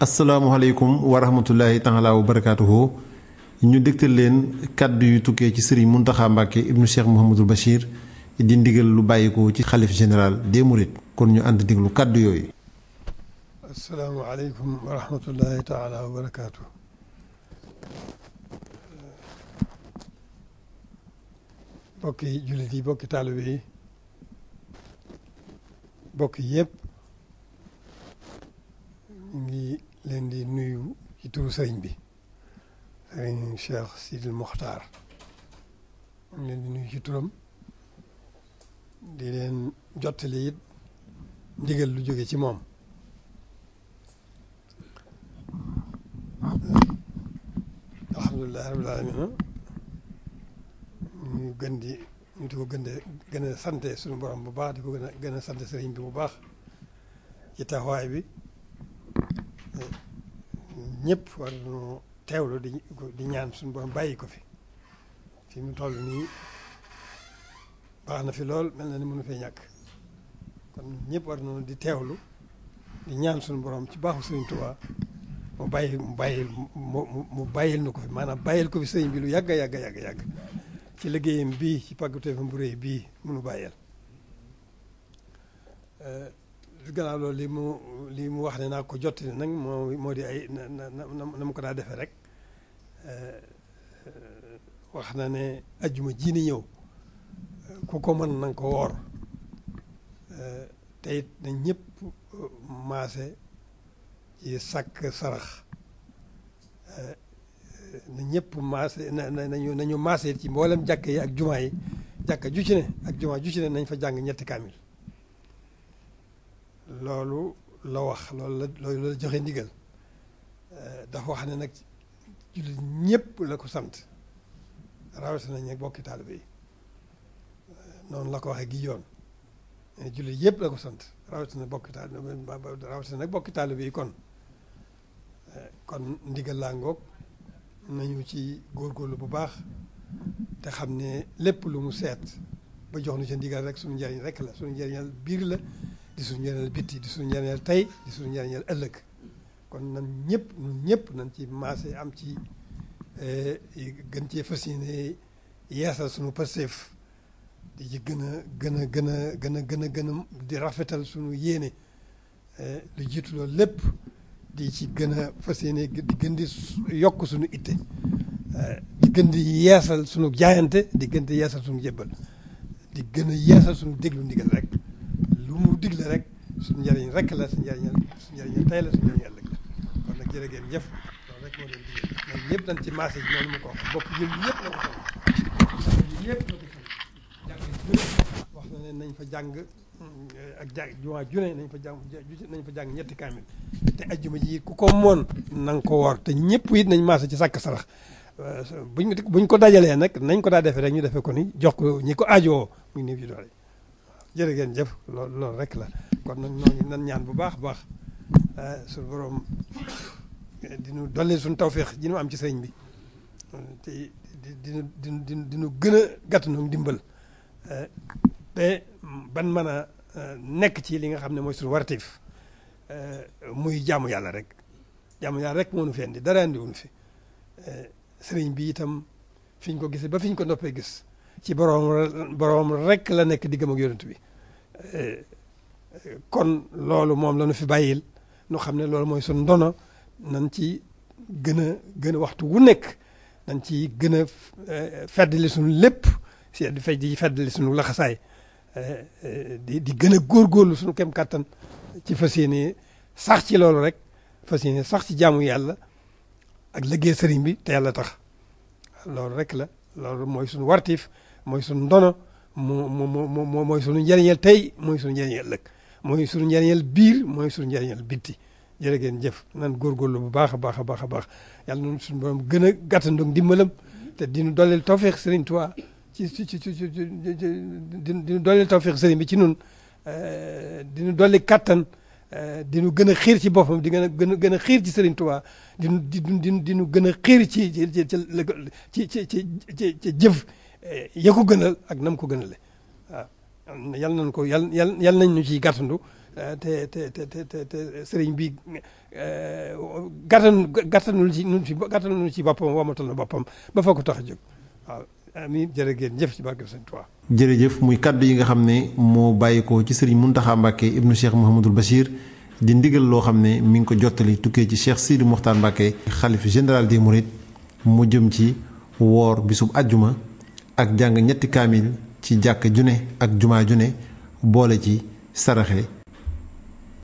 asalaamualeykum wa rahmatullahi taala wa ñu dégtal leen kàddu yu tukkee ci sëriñ Muntaxa Mbàkke ibnu Cheikh Mouhamadul Bachir di ndigal lu bàyyikoo ci xalif général des kon ñu ànd déglu kàddu yooyu. asalaamualeykum wa bokki jullit yi bokki taalibe yi bokki yëpp. turu sëriñ bi sëriñ Cheikh Sidil Mokhtar di nuyu ci turam di leen jottali it ndigal lu jóge ci moom alhamdulilah la alamina ñu gën di ñu di ko gën de gën sante sunu borom bu baax di ko gën gën a sante sëriñ bi bu baax ci taxawaay bi ñépp war nañoo teewlu di di ñaan suñu borom bàyyi ko fi fi mu toll nii baax na fi lool mel na ni mënu fee ñàkk kon ñëpp war nañoo di teewlu di ñaan suñu borom ci baaxu Sëriñ Tuubaa mu bàyyi mu bàyyi mu mu bàyyil na ko fi maanaam bàyyil ko fi sëriñ bi lu yàgg yàgg yàgg yàgg ci liggéeyam bii ci pàggatu bu réy bii mënu bàyyeel. gannaaw loolu lii mu lii mu wax ne naa ko jot nag moo moo di ay na na na mu ko daa defee rek euh, wax na ne ajjuma jiini ñëw ku ko mën na ko woor euh, te it na ñëpp euh, maase ci sàkk sarax na ñëpp maase na nañu nañu maase ci mboolem jàkk yi ak jumaa yi jàkk ju ak jumaa ju ci nañ fa jàng ñetti kaamil loolu la wax loolu la loolu la joxe ndigal eh, dafa wax ne nag jullit ñëpp la ko sant rawatina ñi bokki taalibe yi eh, noonu la ko waxee gi yoon eh, jullit yëpp la ko sant rawatina bokki nag bokki taalibe yi kon kon ndigal laa ngoog nañu ci góor góorlu bu baax te xam ne lépp lu mu seet ba jox nu ca ndigal rek suñu njëriñ rek la suñu njëriñal biir la di suñu njëriñal bitti di suñu njëriñal tey di suñu njëriñal ëllëg kon nan ñëpp nun ñëpp nañ ci maase am ci eh, gën cee fas yéene yeesal suñu pasteef di ci gën a gën a gën a gën a gën a gën a di rafetal suñu yéene eh, lu jiitu loolu lépp di ci gën a fas yéene di gën di yokk suñu itte eh, di gën di yeesal sunu jaayante di gën di yeesal suñu jébbal di gën a yeesal suñu déglu ndigal rek lu mu digle rek su njëriñ rek la su njëriñ suñu njëriñ tey la suñu njëriñ ëllëg la kon nag jërë ngeen loolu rek moo leen ñëpp dañ ci marché yi noonu mu ko wax bopp ñëpp na nañ fa jàng mm, ak jàng jumaa junne nañ fa jàng nañ fa jàng ñetti kaamil te ajjuma ji ku ko moon na ko woor te ñëpp it nañ marché ci sàkk sarax euh, buñ buñ ko dajalee nag nañ ko daa defee rek ñu defee ko ni jox ko ñi ko aajowoo muy néew ji doole jërë ngeen jëf lool loolu rek la kon nag ñooñu nan ñaan bu baax baax eh, su borom eh, dinu dolli suñu tawféex ji ñu am ci sëriñ bi te di dinu dinu dinu gën a gàttu noonu dimbal eh, te ban mën a nekk ci li nga xam ne mooy suñu wartiif muy jaamu yàlla rek jaamu yàlla rek moo nu fi indi dara indi wuñu fi sëriñ bi itam fiñ ko gisee ba fiñ ko noppee gis ci boroom boroom rekk la nekk diggam ak yonent bi eh, kon loolu moom la nu fi bàyyil nu xam ne loolu mooy sunu ndono nan ci gën a gën a waxtu wu nekk nan ci gën a eh, feddali suñu lépp si di fay di feddali suñu laxasaay eh, di di gën a góorgóorlu suñu kem kattan ci fas yéene sax ci loolu rek fas yéene sax ci jaamu yàlla ak liggéey sëriñ bi te yàlla tax loolu rek la loolu mooy suñu wartiif mooy suñu ndono moo moo moo mooy suñu njëriñal tey mooy suñu njëriñal ëllëg mooy suñu njëriñal biir mooy suñu njëriñal bitti jërë ngeen jëf nan góorgóorlu bu baax a baax a baax a baax yàlla noonu suñu borom gën a gàttandoog ndimbalam te dinu dooleel tawfeex sëriñ Tuubaa ci ci ci ci dinu dooleel tawfeex sëriñ bi ci nun dinu dolli kattan dinu gën a xiir ci boppam di gën a gën a gën a xiir ci sëriñ Tuubaa dinu di dinu gën a xiir ci ci ci ci ci jëf Eh, ya ko gënal ak nam ko gënale waaw ah, yal nañ ko yal yal yal nañ ñu ciy gàttandu eh, te te te te te sëriñ bi eh, gàttan gàttanul ci nun ci gàttanul ci boppam wamatal na boppam ba fa ko tax a jóg waaw ah, amiin jërë jëf ci barke Sëriñ jërëjëf muy kàddu yi nga xam ne moo bàyyikoo ci sëriñ Muntaxa Mbàkke ibnu Cheikh Mouhamadul Bachir di ndigal loo xam ne mi ngi ko jottali tukkee ci Cheikh Sidi Moukhtar Mbàkke xalif général des Mourides mu jëm ci woor bisub àjjuma ak jàng ñetti kaamil ci jàkk june ak jumaa june boole ci saraxe